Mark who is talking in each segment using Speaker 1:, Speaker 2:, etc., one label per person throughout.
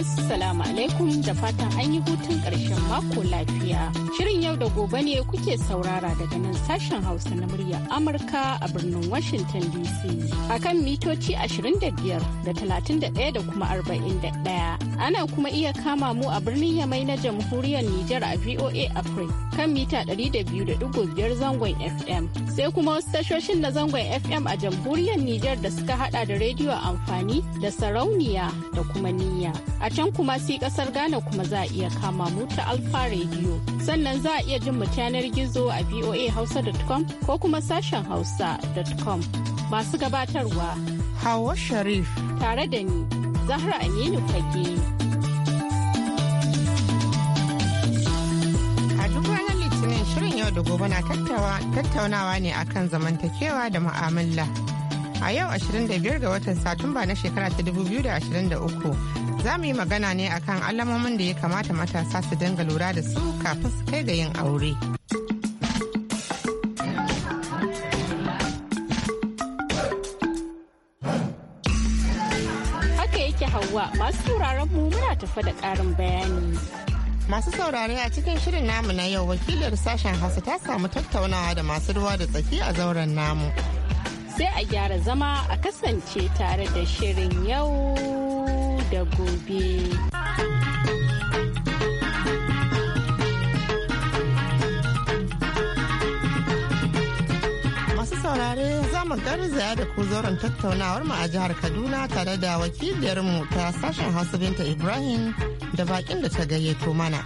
Speaker 1: Assalamu alaikum da fatan an yi hutun ƙarshen mako lafiya. duniya. Shirin yau da gobe ne kuke saurara daga nan sashen Hausa na murya Amurka a birnin Washington DC. A kan mitoci 25 da 31 da kuma 41. Ana kuma iya kama mu a birnin Yamai na jamhuriyar Nijar a VOA Africa kan mita 200.5 zangon FM. Sai kuma wasu tashoshin na zangon FM a jamhuriyar Nijar da suka hada da rediyo amfani da sarauniya da kuma niyya. A can kuma si kasar Ghana kuma za a iya kama mu ta Alfa rediyo. Sannan za a iya jin mu yanar gizo a voahausa.com ko kuma sashen hausa.com. Masu gabatarwa. Hawa Sharif.
Speaker 2: Tare da ni, Zahra Aminu Kage A duk Litinin, shirin yau da gobe na tattaunawa ne akan zamantakewa da mu'amala. A yau 25 ga watan Satumba na shekara ta 2023 za mu yi magana ne akan alamomin da ya kamata matasa su dinga lura da su kafin su kai ga yin aure.
Speaker 1: Haka yake Hauwa, masu sauraron mu
Speaker 2: muna tafa da ƙarin bayani. Masu saurare a cikin shirin namu na yau wakilar sashen Hausa ta samu tattaunawa da masu ruwa da tsaki a zauren namu.
Speaker 1: Sai a gyara zama a kasance tare da shirin yau da gobe.
Speaker 2: Masu saurare zamu garzaya da ku zauren tattaunawar mu a jihar Kaduna tare da wakiliyarmu ta sashen Hausa Binta Ibrahim da bakin da ta gayyato mana.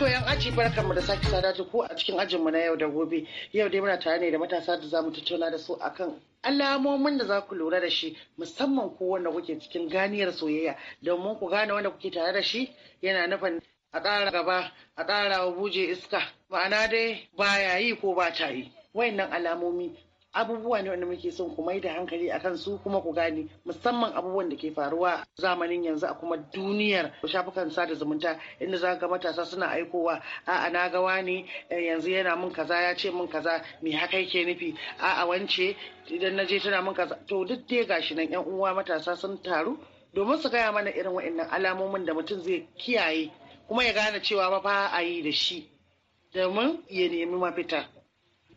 Speaker 3: To yan aji barkan mu da sake sada ta ku a cikin ajin mu na yau da gobe. Yau dai muna tare ne da matasa da zamu tattauna da su akan alamomin da za ku lura da shi musamman ko wanda kuke cikin ganiyar soyayya domin ku gane wanda kuke tare da shi yana nufin a ƙara gaba a ƙara buje iska ma'ana dai baya yi ko ba ta yi. Wayannan alamomi abubuwa ne wanda muke son ku mai da hankali akan su kuma ku gane musamman abubuwan da ke faruwa zamanin yanzu a kuma duniyar shafukan sada zumunta inda za ga matasa suna aikowa a'a na ga wani eh, yanzu yana mun kaza ya ce mun kaza me haka yake nufi a'a wance idan na je tana mun kaza to duk dai gashi nan yan uwa matasa sun taru domin su gaya mana irin wa'annan alamomin da mutum zai kiyaye kuma ya gane cewa ba fa a yi da shi domin ya nemi mafita.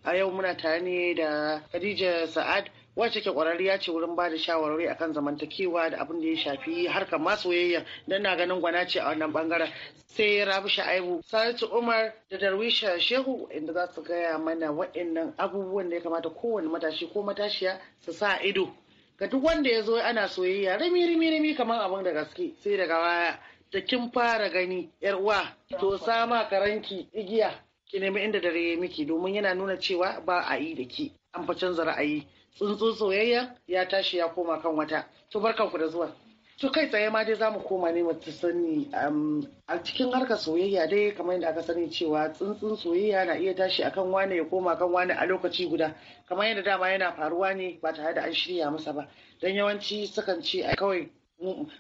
Speaker 3: a yau muna tare ne da khadija sa'ad wacce ke kwararriya ce wurin ba da shawarwari akan zamantakewa da abin da ya shafi harkar masoyayya don na ganin gwana ce a wannan bangaren sai rabu sha'aibu saratu umar da darwisha shehu inda za su gaya mana waɗannan abubuwan da ya kamata kowane matashi ko matashiya su sa ido ga duk wanda ya zo ana soyayya rami rami rami kamar abin da gaske sai daga baya da kin fara gani yar uwa to sama karanki igiya ki nemi inda dare ya miki domin yana nuna cewa ba a yi da ki an fa canza ra'ayi tsuntsun soyayya ya tashi ya koma kan wata to barkanku da zuwa to kai tsaye ma dai zamu koma ne mu sani um, a cikin harkar soyayya dai kamar yadda aka sani cewa tsuntsun soyayya na iya tashi akan wane ya koma kan wane a lokaci guda kamar yadda dama yana faruwa ne ba tare da an shirya masa ba dan yawanci sukan ce kawai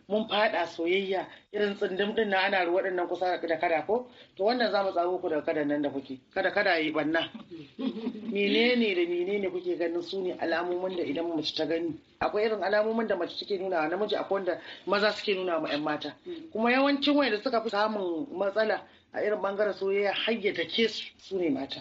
Speaker 3: mun fada soyayya irin tsindim din na ana waɗannan kusa da kada ko to wannan za tsaro ku da kada nan da kuke kada kada yi banna menene da menene kuke ganin su ne alamomin da idan mace ta gani akwai irin alamomin da mace suke nuna namiji akwai wanda maza suke nuna ma 'yan mata kuma yawancin wanda suka fi samun matsala a irin bangaren soyayya hayyata ke su ne mata.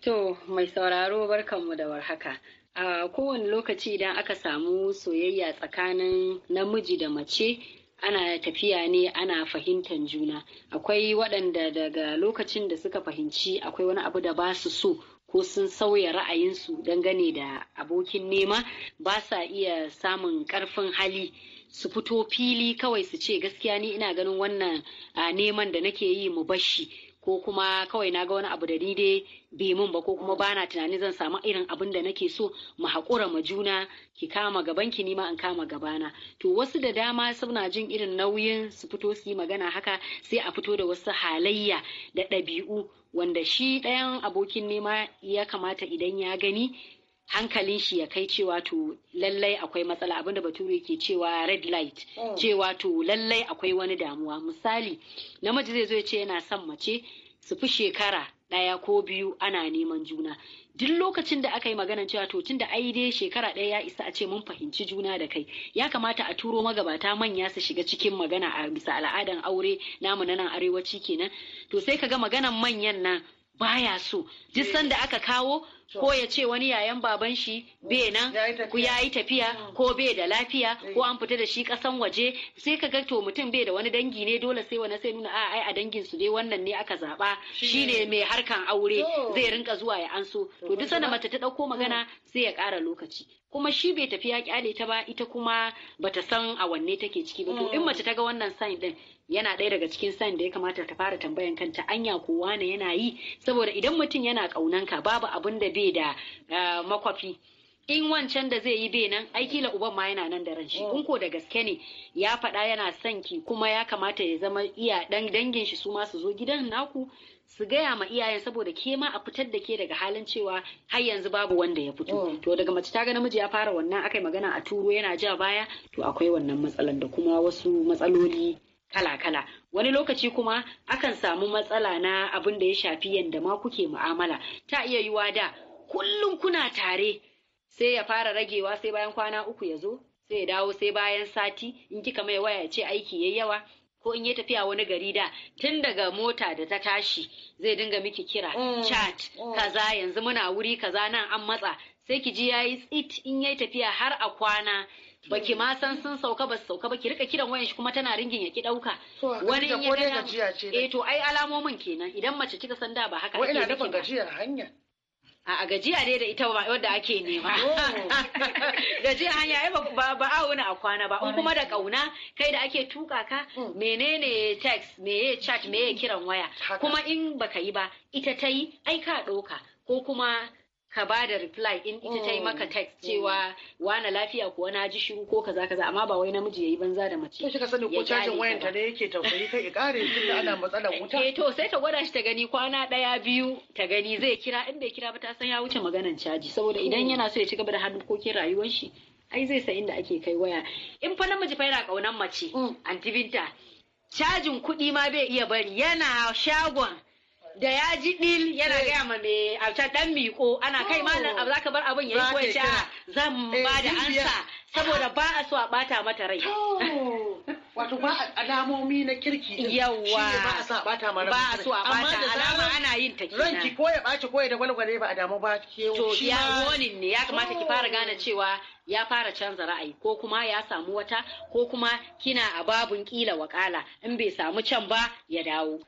Speaker 3: To mai sauraro
Speaker 4: barkanmu da warhaka. a kowane lokaci idan aka samu soyayya tsakanin namiji da mace ana tafiya ne ana fahimtar juna akwai waɗanda daga lokacin da suka fahimci akwai wani abu da ba su so ko sun sauya ra'ayinsu dangane da abokin nema ba sa iya samun ƙarfin hali su fito fili kawai su ce gaskiya ni ina ganin wannan neman da nake yi mu bashi ko kuma kawai na ga wani abu da ni dai bai mun ba ko kuma bana tunanin zan samu irin abin da nake so mu haƙura ma juna ki kama gaban ki nima in kama gaba na to wasu da dama suna jin irin nauyin su fito su yi magana haka sai a fito da wasu halayya da ɗabi'u wanda shi ɗayan abokin nema ya kamata idan ya gani hankalin shi ya kai cewa to lallai akwai matsala abinda bature ke cewa red light mm. cewa to lallai akwai wani damuwa misali namiji zai zo ya ce yana son mace su fi shekara ɗaya ko biyu ana neman juna duk lokacin da aka yi maganan cewa to tun da ai dai shekara ɗaya ya isa a ce mun fahimci juna da kai ya kamata a turo magabata manya su shiga cikin magana a bisa al'adan aure namu na nan arewaci kenan to sai ka ga maganan manyan nan baya so duk sanda aka kawo ko ya ce wani yayan baban shi be mm, nan ku yayi tafiya mm. ko be da lafiya eh. ko an fita da shi kasan waje sai ka ga to mutum bai da wani dangi ne dole sai wani sai nuna a ai a dangin su dai wannan ne aka zaba shine mai harkan aure zai rinka zuwa ya anso to duk sanda mace ta dauko mm. magana sai ya kara lokaci kuma shi bai tafi ya kyale ta ba ita kuma bata san a wanne take ciki ba to in mace ta ga wannan sign din yana ɗaya daga cikin sign da ya kamata ta fara tambayan kanta anya kowa ne yana yi saboda idan mutum yana kaunanka babu abin da bai da eh, makwafi in wancan da zai yi bai nan ai uban ma yana nan da ran shi in ko da gaske ne ya faɗa yana son ki kuma ya kamata ya zama iya dan dangin shi su ma su zo gidan naku su gaya ma iyayen saboda ke ma a fitar da ke daga halin cewa har yanzu babu wanda ya fito mm. to daga mace ta ga namiji ya fara wannan akai magana a turo yana ja baya to akwai wannan matsalan da kuma wasu matsaloli kala-kala wani lokaci kuma akan samu matsala na abin da ya shafi yadda ma kuke mu'amala ta iya yiwa da kullum kuna tare sai ya fara ragewa sai bayan kwana uku ya zo sai ya dawo sai bayan sati in kika mai waya ce aiki yayi yawa ko in ya tafiya wani gari da tun daga mota da ta tashi zai dinga miki kira mm. chat mm. kaza yanzu muna wuri kaza nan an matsa sai ki ji yayi tsit in yayi tafiya har a kwana baki ma san sun sauka ba su sauka ba ki rika kiran wayan shi kuma tana ringin ya ki dauka
Speaker 3: wani in ya ga eh to
Speaker 4: ai alamomin kenan idan mace kika san da ba haka ake ina dafa gajiya hanya A gajiya ne da ita wadda ake nema. Oh. Gajiya hanya ya ba a wani a kwana ba. In kuma da kauna kai da ake tuka ka mm. menene text meye chat meye mm. kiran waya. Kuma in baka yi ba ita ta yi ai ka ɗauka ko kuma ka ba da reply in ita ta yi maka oh. text cewa wana lafiya ko na ji shiru ko kaza kaza amma ba wai namiji
Speaker 3: yayi banza da mace. Sai kika sani ko cajin wayanta ne yake tausayi kai ya kare ana matsalar
Speaker 4: wuta. Eh to sai ta gwada shi ta gani kwana daya biyu ta gani zai kira in bai kira ba ta san ya wuce maganan caji saboda idan oh. yana so ya ci gaba da harkokin rayuwar shi ai zai san inda ake kai waya. In fa namiji fa yana kaunan mace mm. anti binta cajin kuɗi ma bai iya bari yana shagon da ya ji dil yana eh. gaya ma me a dan miko ana kai oh. malam abu zaka bar abin yayi ko sha zan eh, ba da ansa saboda ba a so a bata mata rai
Speaker 3: wato ba alamomi na kirki yawa ba a so a bata mara ba a so a bata alama ana yin ta kina ranki ko ya baci ko ya da gwalgwale ba a damu ba ke to ya
Speaker 4: warning ne ya kamata ki fara gane cewa ya fara canza ra'ayi ko kuma ya samu wata ko kuma kina a babun kila wakala in bai samu can ba ya dawo.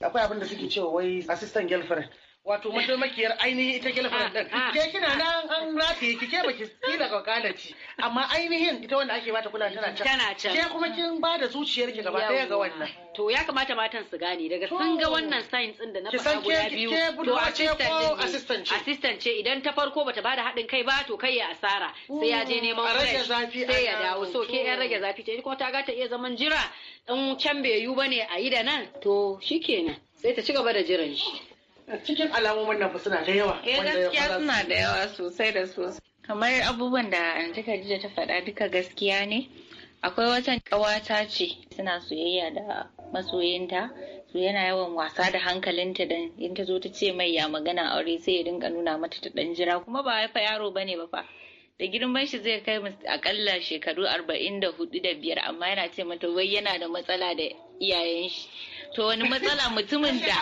Speaker 3: Akwai abin da suke cewa wai assistant girlfriend wato eh. mataimakiyar ainihin ita girlfriend din ah, ah. ke kina nan an rati ki ke baki kila kokala ci amma ainihin ita wanda ake bata kula tana can tana can ke kuma kin ba da zuciyar ki gaba daya ga wannan to ya kamata matan su gane daga sun ga wannan
Speaker 4: signs din da na fara guda biyu to assistant ce assistant ce idan ta farko bata bada haɗin kai ba to kai ya asara sai ya je neman fresh sai ya dawo so ke yan rage zafi ce kuma ta ga ta iya zaman jira dan can bai yu bane a yi da nan to shikenan
Speaker 3: sai ta ci gaba da jiran shi cikin alamomin nan suna da yawa eh gaskiya
Speaker 1: suna da yawa sosai da sosai kamar abubuwan da Anjika Khadija ta faɗa duka gaskiya ne akwai wata ƙawata ce suna soyayya da masoyinta su yana yawan wasa da hankalinta dan in ta zo ta ce mai ya magana aure sai ya dinga nuna mata ta dan jira kuma ba
Speaker 4: haifa yaro bane ba fa da girman shi zai kai akalla shekaru arba'in da hudu da biyar amma yana ce mata wai yana da matsala da iyayen shi to wani matsala mutumin da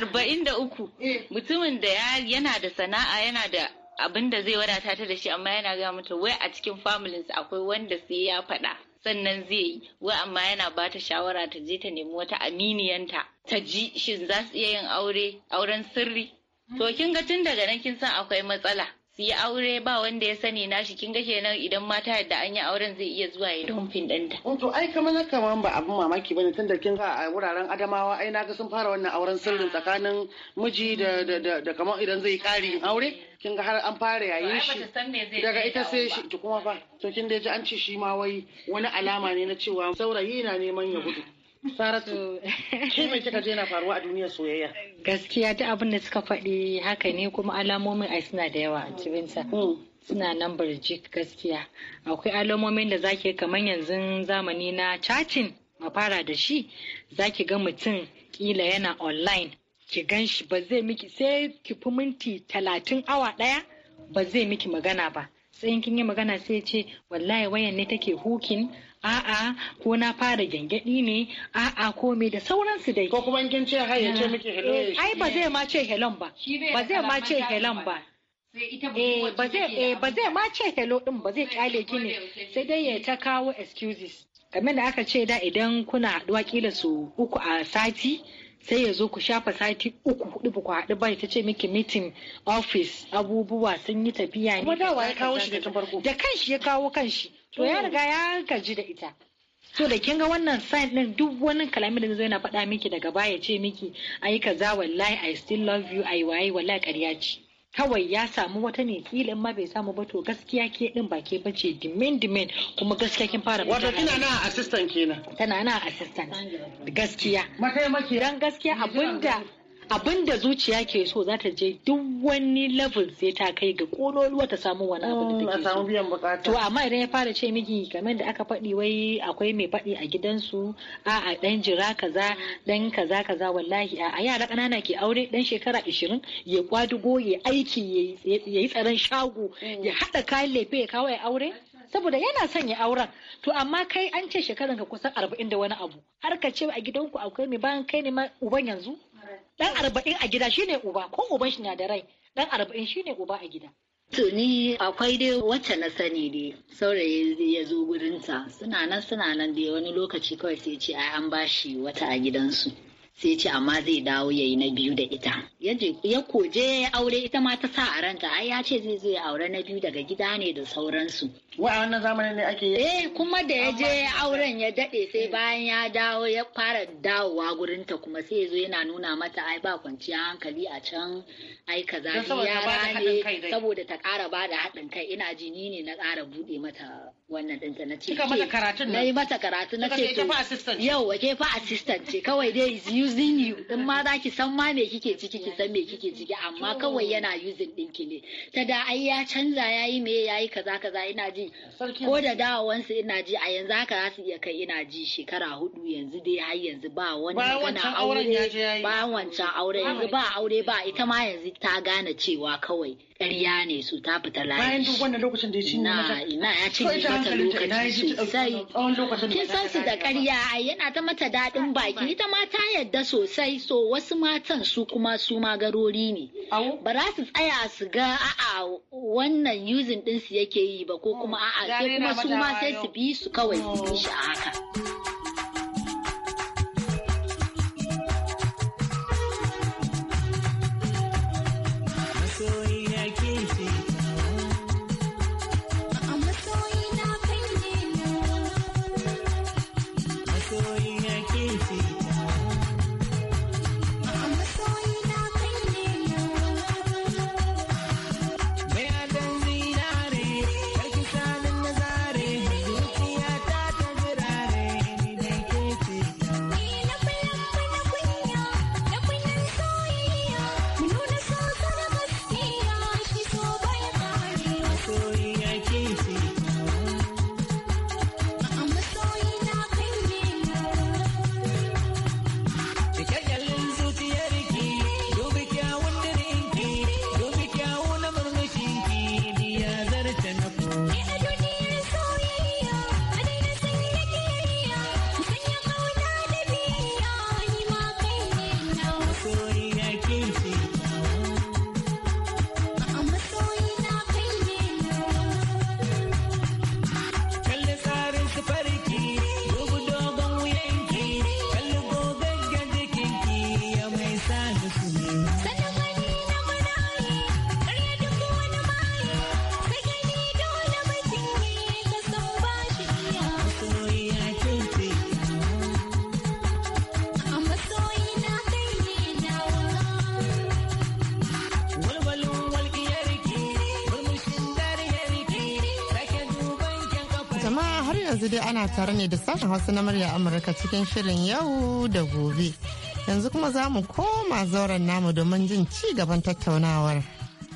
Speaker 2: arba'in da uku eh. mutumin da yana da
Speaker 4: sana'a yana da abin da zai wadata ta da shi amma yana gaya mata wai a cikin familinsa akwai wanda sai ya faɗa sannan zai yi wai amma yana ba ta shawara ta je ta nemi wata aminiyanta ta ji shin
Speaker 1: za su iya yin aure auren sirri to kin ga tun daga nan kin san akwai matsala su yi aure ba wanda ya sani nashi kin ga kenan idan mata yadda an yi auren zai iya zuwa ya dumfin
Speaker 3: ɗanta. Oh, to ai kamar na ma ba abin mamaki bane tunda kin ga a wuraren adamawa ai naga sun fara wannan auren sirrin tsakanin miji da da kamar idan zai ƙari aure kin ga har an fara yayin shi
Speaker 1: daga ita sai shi
Speaker 3: to kuma fa. to kin da ji an ce shi ma wai wani alama ne na cewa saurayi na neman ya gudu. Saratu. shi mai kika je faruwa a duniyar soyayya?
Speaker 5: Gaskiya duk abin da suka faɗi haka ne kuma alamomin ai suna da yawa a cikinsa. Hmm. Suna nan birjik gaskiya. Akwai alamomin da zaki kamar yanzu zamani na cacin mafara da shi zaki ga mutum kila yana online ki gan shi ba zai miki sai ki fi minti talatin awa ɗaya ba zai miki magana ba sai in kin yi magana sai ya ce wallahi wayan ne take hukin a'a ko na fara gyangyaɗi ne a'a ko me da sauransu dai ko kuma kin ce hai ya ce ah. miki hello eh, ai ba zai ma ce hello ba ba zai ma ce hello ba ba eh, eh, zai ma ce hello din ba zai kyale ki ne sai dai ya ta kawo excuses kamar da aka ce da idan kuna haɗuwa kila su uku a sati sai ya zo ku shafa sati uku hudu ba ku haɗu ba ta ce miki meeting office abubuwa sun yi tafiya ne. Kuma da ya kawo shi da farko. Da kanshi ya kawo kanshi. To ya riga ya gaji da ita. So da kin ga wannan sign din duk wani kalamin da zai yana faɗa miki daga baya ce miki ayi kaza wallahi I still love you ayi waye wallahi ƙarya ce. kawai ya samu wata ne kila in ma bai samu ba to gaskiya ke din ba ke bace dimin dimin kuma gaskiya kin fara wato kina na
Speaker 3: assistant kenan
Speaker 5: tana na assistant gaskiya maki dan gaskiya abinda abin da zuciya ke so za ta je duk wani level sai ta kai ga kololuwa ta samu wani abu da mm, take so to amma idan ya fara ce miki kamar da aka faɗi wai akwai mai faɗi a gidansu a a dan jira kaza dan kaza kaza wallahi a yara kanana ke aure dan shekara 20 ya kwadugo ya aiki ya yi tsaron shago mm. ya haɗa kayan lefe ya kawo ya aure saboda yana son ya auren to amma kai an ce shekaran ka kusan arba'in da wani abu har ka ce a gidanku akwai mai bayan kai ne ma uban yanzu dan arba'in a gida shine uba ko uban shi na da rai dan arba'in shine uba a gida
Speaker 6: To ni akwai dai wacce na sani ne saurayi ya zo gurin ta. suna nan suna nan da wani lokaci kawai sai ce ai an bashi wata a gidansu sai ce amma zai dawo yayi na biyu da ita ya koje ya aure ita ma ta sa a ranta ai ya ce zai zo ya aure na biyu daga gida ne da sauransu a wannan zamanin ne ake eh kuma da ya je auren ya dade sai eh. bayan ya dawo ya fara dawowa gurin ta kuma sai zo yana nuna mata ai ba kwanciya hankali a can ai kaza yara ne saboda ta kara ba da haɗin kai ina jini ne na kara buɗe mata wannan ɗinta na
Speaker 3: ce na yi
Speaker 6: mata karatu na ce to yau ke fa assistant ce kawai dai is using you in ma za ki san ma me kike ciki ki san me kike ciki amma kawai yana using ɗinki ne ta da ai ya canza ya yi me ya yi kaza kaza ina ji ko da dawowansu ina ji a yanzu haka za su iya kai ina ji shekara hudu yanzu dai har yanzu ba wani magana aure ba wancan aure yanzu ba aure ba ita ma yanzu ta gane cewa kawai ƙarya ne su ta
Speaker 3: fita lafiya. Bayan duk wannan lokacin da ya cinye mata. Ina ya ne mata lokaci sosai. Kin san su da
Speaker 6: ƙarya yana ta mata daɗin baki ita ma ta yadda sosai so wasu matan su kuma su ma garori ne. Ba za su tsaya su ga a'a wannan using ɗinsu yake yi ba ko oh. kuma a'a sai kuma su ma sai su bi su kawai su bi shi a haka.
Speaker 2: yanzu dai ana tare ne da sashen hausa na murya amurka cikin shirin yau da gobe yanzu kuma za mu koma zauren namu domin jin ci gaban tattaunawar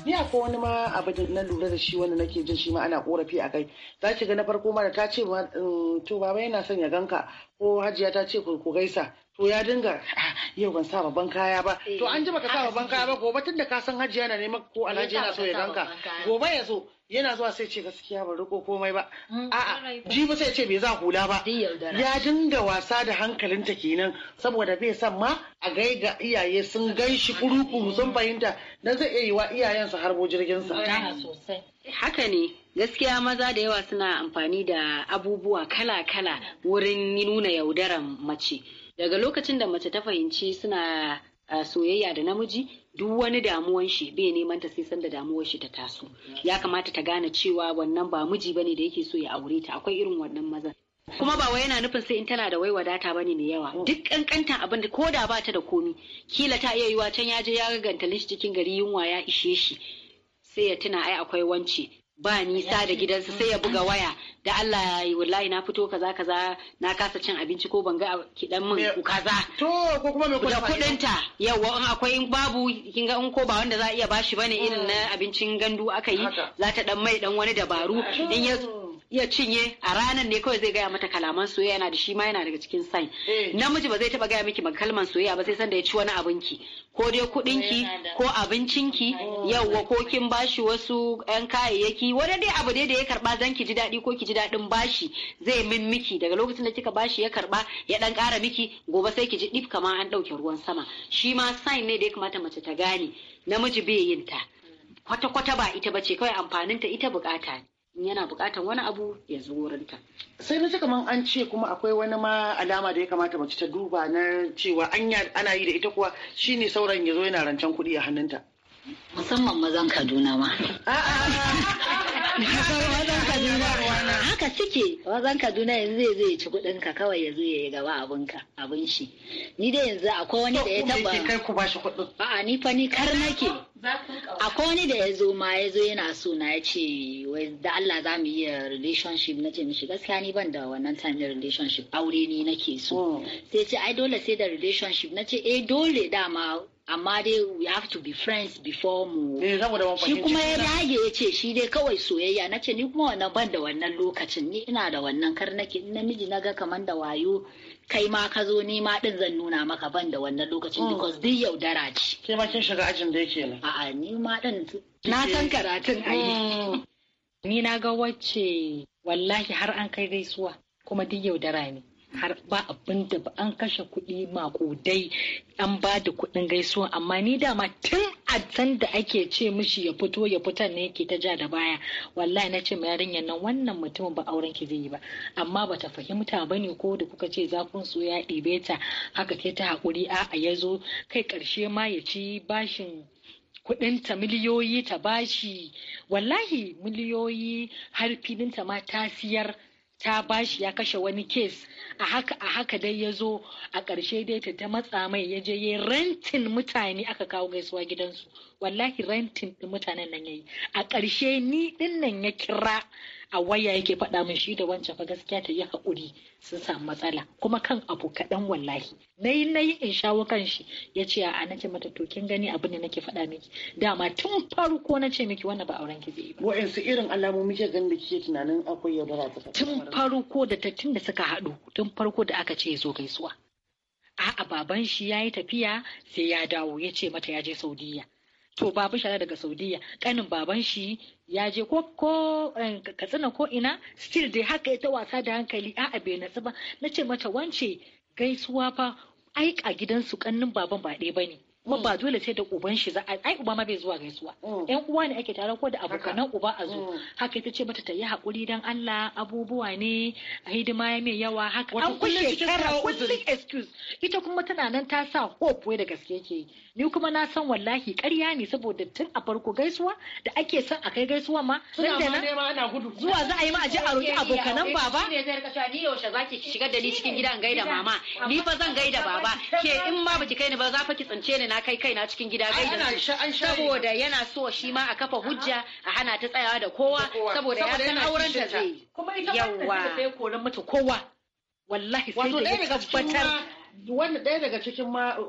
Speaker 3: ni akwai wani ma abu na lura da shi wanda nake jin shi ma ana korafi a kai za ki ga na farko mara ta ce mm, to baba yana son ya ganka ko hajiya ta ce ku gaisa to ya dinga ah, yau ban sa babban kaya ba to an ji baka sa eh. babban kaya ba gobe tun da ka san hajiya na neman ko alhaji yana so ya ganka gobe ya so yana zuwa sai ce gaskiya ba riko komai ba mm, a'a ba sai ce bai za hula ba ya dinga wasa da hankalinta kenan saboda bai san ma a gaida iyaye sun gan shi kuruku mm. sun fahimta dan zai iya yi wa iyayensa harbo jirgin sa
Speaker 4: haka ne gaskiya maza da yawa suna amfani da abubuwa kala-kala wurin nuna yaudaran mace daga lokacin da mace ta fahimci suna ah, soyayya da namiji duk wani damuwan shi bai neman ta sai sanda damuwar shi ta taso ya kamata ta gane cewa wannan ba miji bane da yake so ya aure ta akwai irin wannan maza kuma ba wai yana nufin sai in tana da waiwadata wadata bane mai yawa duk kankantan abin da ko da ba ta da komi kila ta iya yiwa can ya je ya ganta lishi cikin gari yunwa ya ishe shi sai ya tuna ai akwai wance ba nisa da gidansa sai ya buga waya da Allah ya yi wallahi na fito kaza kaza na kasa cin abinci ko ban ga kidan min kaza to ko kuma me kuɗin yawa in akwai babu kin ga in ko ba wanda za a iya bashi bane irin na hmm. abincin gandu aka yi za ta dan mai dan wani dabaru in ya iya cinye a ranar ne kawai zai gaya mata kalaman soyayya yana da shi ma yana daga cikin sign eh. namiji ba zai taba gaya miki kalman soyayya ba sai san da ya ci wani abinki ko dai ki ko abincinki oh, yawwa ko kin bashi wasu yan kayayyaki wani dai abu dai da ya karba zan ki ji dadi ko ki ji dadin bashi zai min miki daga lokacin da kika bashi ya karba ya dan kara miki gobe sai ki ji dif kamar an ɗauke ruwan sama shi ma sign ne da ya kamata mace ta gane namiji bai yin ta kwata-kwata ba ita bace kawai amfaninta ita bukata ne yana buƙatar wani abu ya zo wurinta.
Speaker 3: sai na kamar an ce kuma akwai wani ma alama da ya kamata mace ta duba na cewa anya ana yi da ita kuwa shine sauran ya zo yana rancen kuɗi a hannunta. musamman mazan kaduna ma. a'a
Speaker 6: mazan kaduna haka suke wazan kaduna yanzu zai ci kuɗin ka kawai ya zo ya gaba abun ka abun shi ni dai yanzu akwai wani da ya taba kai ku a'a ni fa ni kar nake akwai wani da ya zo ma ya zo yana so na ya ce wai da Allah za mu iya relationship na ce mishi gaskiya ni ban da wannan time na relationship aure ni nake so oh. sai ce ai dole sai da relationship na ce eh dole dama amma dai we have to be friends before mu eh, shi kuma ya dage ya ce shi dai kawai soyayya na ce ni kuma wannan ban da wannan lokacin ni ina da wannan kar nake namiji ga kaman da wayo kai ma ka zo ni ma din zan nuna maka ban da wannan lokacin oh. because duk yaudara ce kai ma kin shiga ajin
Speaker 3: da yake nan a'a
Speaker 6: ni ma din na san karatun ai mm.
Speaker 5: ni na ga wacce wallahi har an kai gaisuwa kuma duk yaudara ne har ba abin da ba an kashe kuɗi maƙudai an ba da kuɗin gaisuwa amma ni dama tun a can da ake ce mishi ya fito ya fitar ne yake ta ja da baya wallahi na ce ma yarinyar nan wannan mutumin ba auren ki zai yi ba amma bata fahimta ba ne ko da kuka ce zafin su ya ɗibe ta haka ke ta hakuri a ya zo kai karshe ma ya ci bashin kudinta miliyoyi ta bashi wallahi miliyoyi har filinta ma ta siyar ta bashi ya kashe wani kes a haka a haka dai ya zo a ƙarshe dai ta ta matsa mai ya je rentin mutane aka kawo gaisuwa gidansu wallahi rentin mutanen nan yayi a ƙarshe ni ɗin nan ya kira a waya yake faɗa min shi da wancan fa gaskiya ta yi haƙuri sun samu matsala kuma kan abu kaɗan wallahi na yi na yi in shawo kan shi ya ce a nake mata to kin gani abu ne nake faɗa miki dama tun farko na ce miki wannan ba auren ki zai
Speaker 3: ba su irin alamomi ke ganin da kike tunanin akwai yaudara ta tun farko da ta tun da suka haɗu tun farko da aka ce ya zo gaisuwa
Speaker 5: a'a baban shi ya yi tafiya sai ya dawo ya ce mata ya je Saudiyya. to babu shara daga saudiya kanin baban shi ya je ko ko eh, katsina ko ina still dai haka ita wasa da hankali a bai natsu ba na ce mata wance gaisuwa fa ai a gidansu kannin baban ba ɗaya bane kuma ba mm. dole sai da uban shi za a ai uba ma bai zuwa gaisuwa mm. yan uwa ne ake tare ko da abokanan uba a zo mm. haka ita ce mata ta yi hakuri dan Allah abubuwa ne a hidima ya mai yawa haka an kulle shekara kullum excuse ita kuma tana nan ta sa hope wai da gaske yake ni kuma na san wallahi ƙarya ne saboda tun a farko gaisuwa da ake son a kai gaisuwa ma
Speaker 4: suna ma ana gudu zuwa za a yi ma a je a roki abokanan baba ne zai rika cewa ni yaushe zaki shigar da ni cikin gidan gaida mama ni fa zan gaida baba ke in ma baki kai ni ba za fa ki tsince ni na kai kai na cikin gida gaida saboda yana so shi ma a kafa hujja a hana ta tsayawa da
Speaker 3: kowa saboda ya san auren ta zai kuma ita ba ta koran mata kowa wallahi sai da ya tabbatar wanda ɗaya daga cikin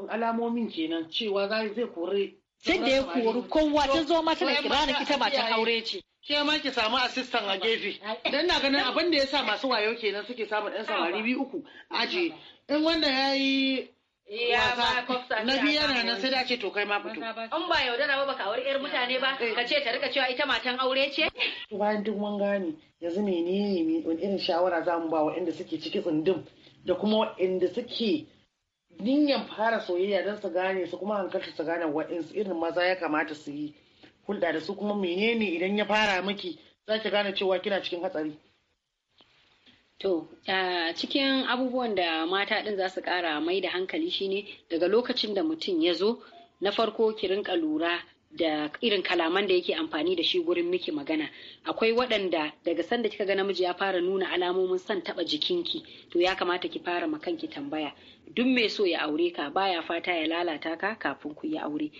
Speaker 3: alamomin kenan cewa zai kore. sai da ya kori kowa ta zo ma tana kiranin ita ba ta aure ce ke ma ki samu asistan a gefe dan na ganin abin da ya sa masu wayo kenan suke samun ɗan samari biyu uku aje in wanda yi eh, wasa na biya na nan sai da ce to kai ma fito
Speaker 4: in ba yaudara ba baka aure yar mutane ba eh. ka ce ta rika cewa ita matan aure ce
Speaker 3: bayan duk mun gane yanzu menene wani irin shawara zamu ba wa inda suke ciki tsundum da kuma inda suke niyan fara soyayya don su gane su kuma hankalta su gane waɗansu irin maza ya kamata su yi hulɗa da su kuma menene idan ya fara miki za ki gane cewa kina cikin hatsari. To,
Speaker 4: cikin abubuwan da mata ɗin za su ƙara mai da hankali shine daga lokacin da mutum ya zo na farko ki rinka lura da irin kalaman da yake amfani da shi gurin miki magana akwai waɗanda daga sanda kika ga namiji ya fara nuna alamomin son taɓa jikinki to ya kamata ki fara ma kanki tambaya duk mai so ya aure ka baya fata ya lalata ka kafin ku yi aure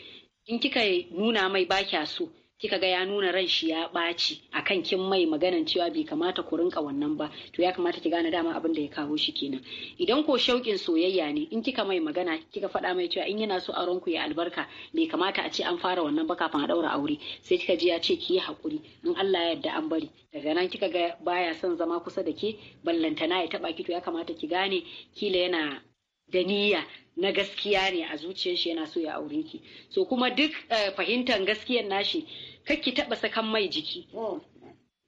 Speaker 4: in kika nuna mai ba kya so kika ga ya nuna ran shi ya ɓaci a kan kin mai maganan cewa bai kamata ku rinka wannan ba to ya kamata ki gane dama abin da ya kawo shi kenan idan ko shauƙin soyayya ne in kika mai magana kika faɗa mai cewa in yana so auren ku ya albarka bai kamata a ce an fara wannan ba kafin a ɗaura aure sai kika ji ya ce ki yi haƙuri in Allah ya yarda an bari daga nan kika ga baya son zama kusa da ke ballantana ya taɓa ki to ya kamata ki gane kila yana da niyya na gaskiya ne a zuciyar shi yana so ya aure ki so kuma duk eh, fahimtar gaskiyar nashi kakki taba sakan mai jiki oh.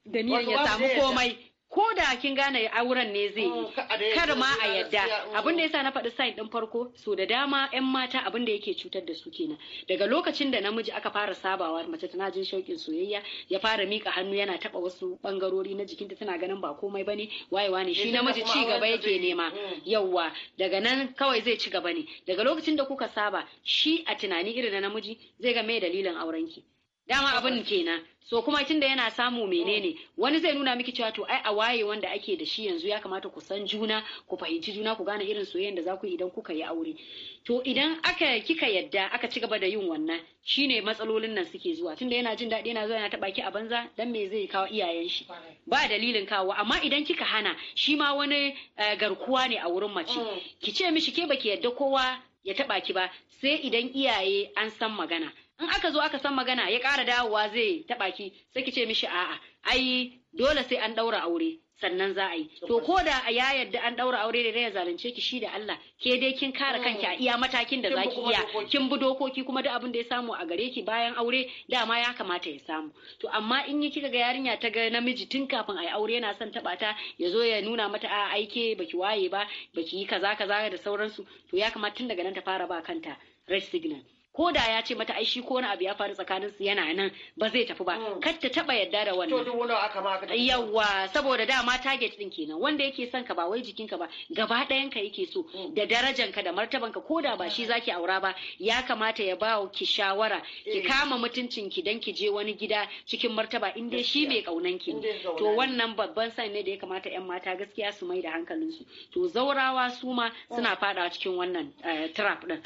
Speaker 4: da ya samu komai ko da kin gane auren ne zai yi oh, kar ma a yadda oh. abin da yasa na faɗi sign ɗin farko so da dama ƴan mata abin da yake cutar da su kenan daga lokacin da namiji aka fara sabawa mace tana jin shauƙin soyayya ya fara mika hannu yana taɓa wasu ɓangarori na jikinta tana ganin ba komai bane wayewa ne shi namiji ci gaba yake nema hmm. yawwa daga nan kawai zai ci gaba ne daga lokacin da kuka saba shi a tunani irin na namiji zai ga mai dalilin aurenki dama abin kenan so kuma tunda yana samu menene wani zai nuna miki cewa to ai a waye wanda ake da shi yanzu ya kamata ku san juna ku fahimci juna ku gane irin soyayyar da za ku idan kuka yi aure to idan aka kika yadda aka ci gaba da yin wannan shine matsalolin nan suke zuwa tunda yana jin daɗi yana zuwa yana taba ki a banza dan me zai kawo iyayen shi ba dalilin kawo amma idan kika hana shi ma wani eh, garkuwa ne a wurin mace mm. ki ce mishi ke baki yadda kowa ya taɓa ki ba sai idan iyaye an san magana in aka zo aka san magana ya ƙara dawowa zai taɓa ki, sai ki ce mishi a'a ai dole sai an ɗaura aure sannan za a yi to ko da ya yadda an ɗaura aure da ya zalunce ki shi da Allah ke dai kin kare kanki a iya matakin da zaki iya kin bi dokoki kuma duk abin da ya samu a gare ki bayan aure dama ya kamata ya samu to amma in yi kika ga yarinya ta ga namiji tun kafin ayi aure yana son taba ta ya zo ya nuna mata a aike baki waye ba baki yi kaza kaza da sauransu to ya kamata tun daga nan ta fara ba kanta red signal ko da ya ce mata aishi ko wani abu ya faru tsakanin su yana nan ba zai tafi ba mm. kar ta taba yarda da wannan
Speaker 3: to aka yawa
Speaker 4: saboda dama target din kenan wanda yake son ka ba wai jikin ka ba gaba ɗayan ka yake so mm. da darajan ka da martaban ka ko da ba shi mm. zaki aura ba ya kamata ya ba ki shawara ki eh. kama mutuncin ki dan ki je wani gida cikin martaba in dai shi mai kaunan ki to wannan babban san ne da ya kamata yan mata gaskiya su mai da hankalin su to zaurawa su ma suna fada cikin wannan eh, trap din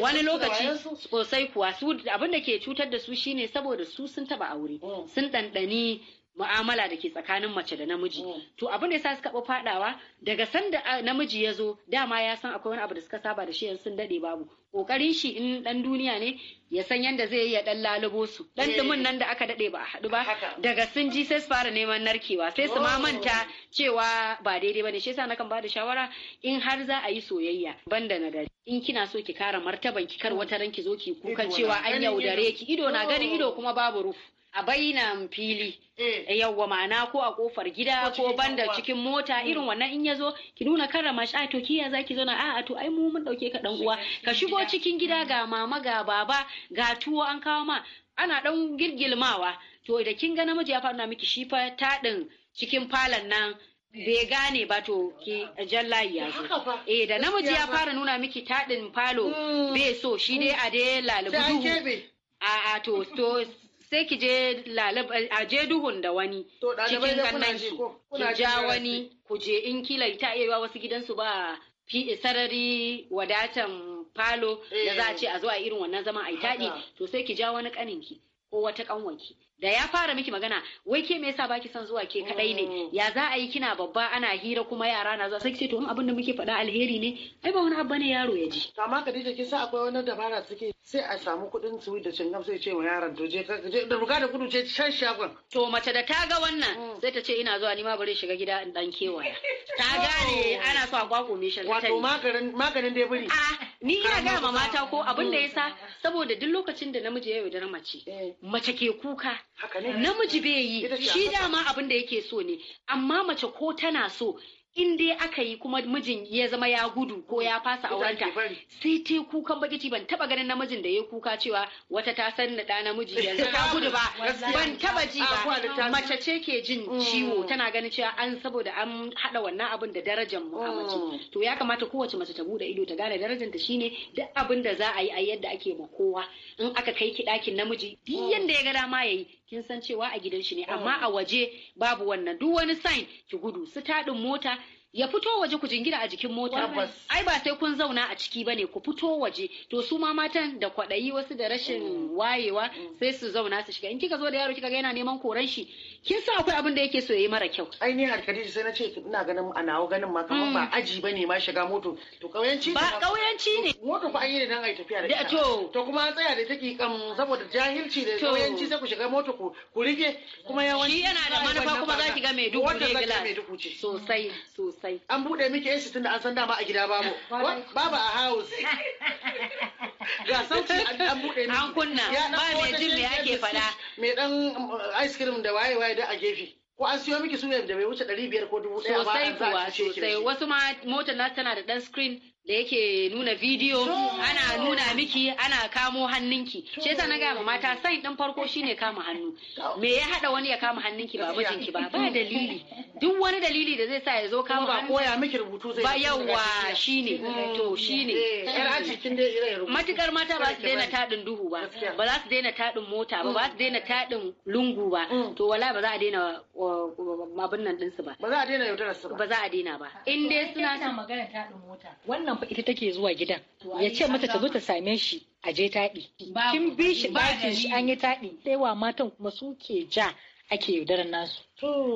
Speaker 4: wani lokaci sosai kuwa su abin da ke cutar da su shine saboda su sun taba aure mm. sun ɗanɗani mu'amala da ke tsakanin mace da namiji mm. to abin da yasa suka fadawa daga sanda namiji ya zo dama ya san akwai wani abu da suka saba da shi yanzu sun dade babu kokarin shi in dan duniya ne ya san yanda zai yi ya dan lalubo su dan dumin eh. nan da aka dade ba a hadu ba daga sun ji sai su fara neman narkewa sai su ma oh. manta cewa ba daidai bane shi yasa ba da shawara in har za a yi soyayya banda na gari in kina so ki kara martaban ki kar mm. wata ran ki zo ki kuka cewa an yaudare ki ido na gani ido oh. kuma babu rufu a bayyana fili mm. yawwa ma'ana ko a kofar gida ko banda cikin mota mm. irin wannan in ya zo ki nuna karrama shi a to kiya zaki zo na a to ai mu mun dauke ka dan uwa ka shigo cikin gida mm. ga mama ga baba ga tuwo an kawo ma ana dan girgilmawa to da kin ga namiji ya nuna miki shi fa taɗin cikin falon nan bai eh. gane ba to ki ah. jallayi ya zo eh da namiji ya fara nuna miki taɗin falo bai so shi dai a dai lalubu a to to sai ki je lalab a je duhun da wani
Speaker 1: cikin kannan ki ja wani
Speaker 4: ku je in kila ta iya wasu gidansu ba sarari wadatan falo da za a eh. ce a zo a irin wannan zama a yi taɗi to sai ki ja wani kaninki ko wata kanwanki da ya fara miki magana wai ke me yasa baki son zuwa ke kadai ne mm. ya za a yi kina babba ana hira kuma yara na zuwa sai ce to in abin da
Speaker 3: muke faɗa alheri ne ai ba wani abu ne yaro ya ji amma Khadija kin sa akwai wani dabara suke sai a samu kuɗin su da cingam sai ce wa yaron to je da ruga da kudu ce shan shagon to mace da ta ga wannan mm. sai ta ce ina
Speaker 4: zuwa ni ma bare shiga gida in dan kewaya ta gane ana so a kwako me shi wato maganin maganin dai buri ah, ni ina gaya ma mata ko abin da yasa saboda duk lokacin da namiji ya yaudara mace eh. mace ke kuka
Speaker 3: namiji bai yi
Speaker 4: shi dama abin da yake so ne amma mace ko tana so in dai aka yi kuma mijin ya zama ya gudu ko ya fasa aurenta sai te kukan baki ban taba ganin namijin da ya kuka cewa wata ta san na da namiji yanzu ta gudu ba ban taba ji ba mace ce ke jin mm. ciwo tana ganin cewa an saboda an haɗa wannan abin da darajar mu a mm. mace to ya kamata kowace mace ta bude ido ta gane darajar ta shine duk abin da za a yi a yadda ake ma kowa in aka kai ki dakin namiji duk mm. yanda ya ga dama yayi kin san cewa a gidan shi ne amma a waje babu wannan duk wani sign ki gudu su taɗin mota ya fito waje ku jingira a jikin mota ai ba sai kun zauna a ciki bane ku fito waje to su ma matan da kwaɗayi wasu da rashin mm. wayewa mm. sai su zauna su shiga in kika zo da yaro kika ga yana neman koran shi
Speaker 3: yasa akwai abin da yake soyayya mara kyau ai ni har kadi sai na ce ina ganin a nawo ganin ma kamar ba hmm. aji bane ma shiga moto to kauyanci ba kauyanci ne moto fa an yi ne dan ai tafiya da ita to kuma an tsaya da take kam saboda jahilci da kauyanci sai ku shiga moto ku ku rike kuma yawanci shi yana da manufa kuma za ki ga mai duku ne gila sosai sosai an bude miki AC tunda an san dama a gida babu babu a house ga sauki an bude miki an kunna ba mai jin me yake fada me dan um, ice cream da waye waye da a gefe ko an siyo miki suyan da bai wuce ɗari biyar ko dubu ɗaya ba sosai kuwa sosai
Speaker 4: wasu ma motar na tana da ɗan screen da yake nuna bidiyo ana nuna miki ana kamo hannunki shi yasa na gaya ma mata sai dan farko shine kama hannu me ya hada wani ya kama hannunki ba mijinki ba ba dalili duk wani dalili da zai sa ya zo kama ba koya miki rubutu zai ba yawa shine mm. to shine eh, eh,
Speaker 3: matukar mata ba su daina
Speaker 4: tadin duhu ba ba za su daina mm. tadin mota ba ba su daina tadin lungu ba mm. to wala ba za a daina abin nan dinsu ba ba za a daina yautar su ba ba za a daina ba in dai suna
Speaker 5: magana tadin mota
Speaker 4: wannan fa ita take zuwa gidan ya ce mata ta zo ta same shi a je taɗi
Speaker 5: kin bi shi ɗakin shi an yi taɗi wa matan kuma su ke ja ake yaudarar nasu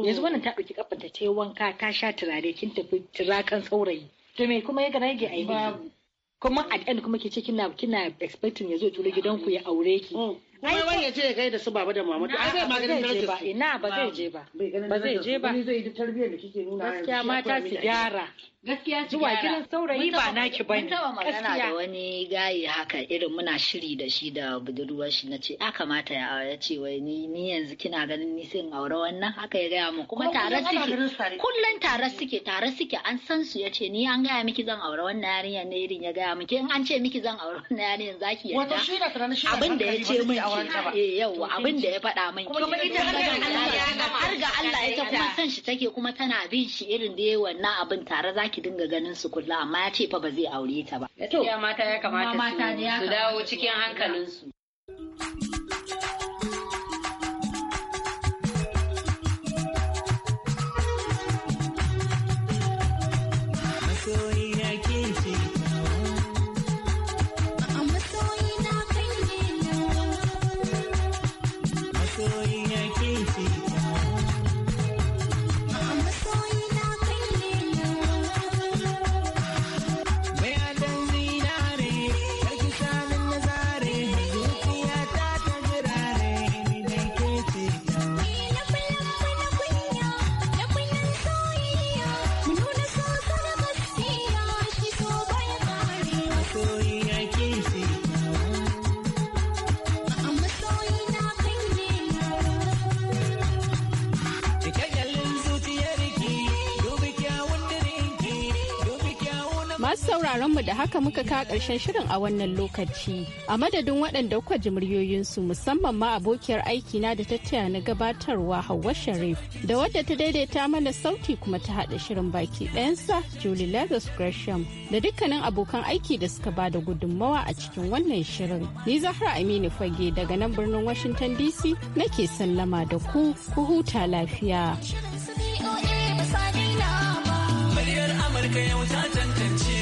Speaker 5: yanzu wannan ta ɗauki kafar ta ta wanka ta sha turare kin tafi turakan saurayi to me kuma ya ga rage a yi kuma a ɗan kuma ke ce kina kina expecting ya zo tura
Speaker 3: gidan ku ya aure ki mm. kuma wai ya ce ya kai da su baba da mama to ai ba zai je ba ina eh, ba zai je ba ba zai je ba ni zai yi tarbiyyar da kike nuna gaskiya mata su gyara gaskiya
Speaker 6: zuwa gidan saurayi ba naki ba ne gaskiya magana da wani gayi haka irin muna shiri da shi da budurwar shi na ce a kamata ya ya ce wai ni ni yanzu kina ganin ni sai in aure wannan haka ya gaya mu kuma tare suke kullun tare suke tare suke an san su ya ce ni an gaya miki zan aure wannan yarinyar ne irin ya gaya miki in an ce miki zan aure wannan yarinyar zaki ya wato shi da shi abin da ya ce min eh yawa abin da ya faɗa min kuma ita har ga Allah ita kuma san shi take kuma tana bin shi irin da yayi wannan abin tare zaki ki dinga ganin su kullum amma ya ce fa ba zai aure ta ba. Ya mata ya kamata su dawo
Speaker 4: cikin hankalinsu.
Speaker 1: Masu sauraron mu da haka muka ka ƙarshen shirin a wannan lokaci. A madadin waɗanda kuka ji muryoyinsu musamman ma abokiyar aiki na da ta taya na gabatarwa Hauwa Sharif da wadda ta daidaita mana sauti kuma ta haɗa shirin baki ɗayansa Julie Lagos Gresham da dukkanin abokan aiki da suka ba da gudunmawa a cikin wannan shirin. Ni Zahra Aminu Fage daga nan birnin Washington DC nake sallama da ku ku huta lafiya. Amurka yau ta
Speaker 6: tantance.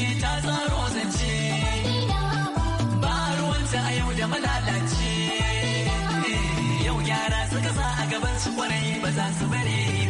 Speaker 6: zance ba a yau da malalace eh, yau yara suka sa a gaban su kwarai ba za su bare ba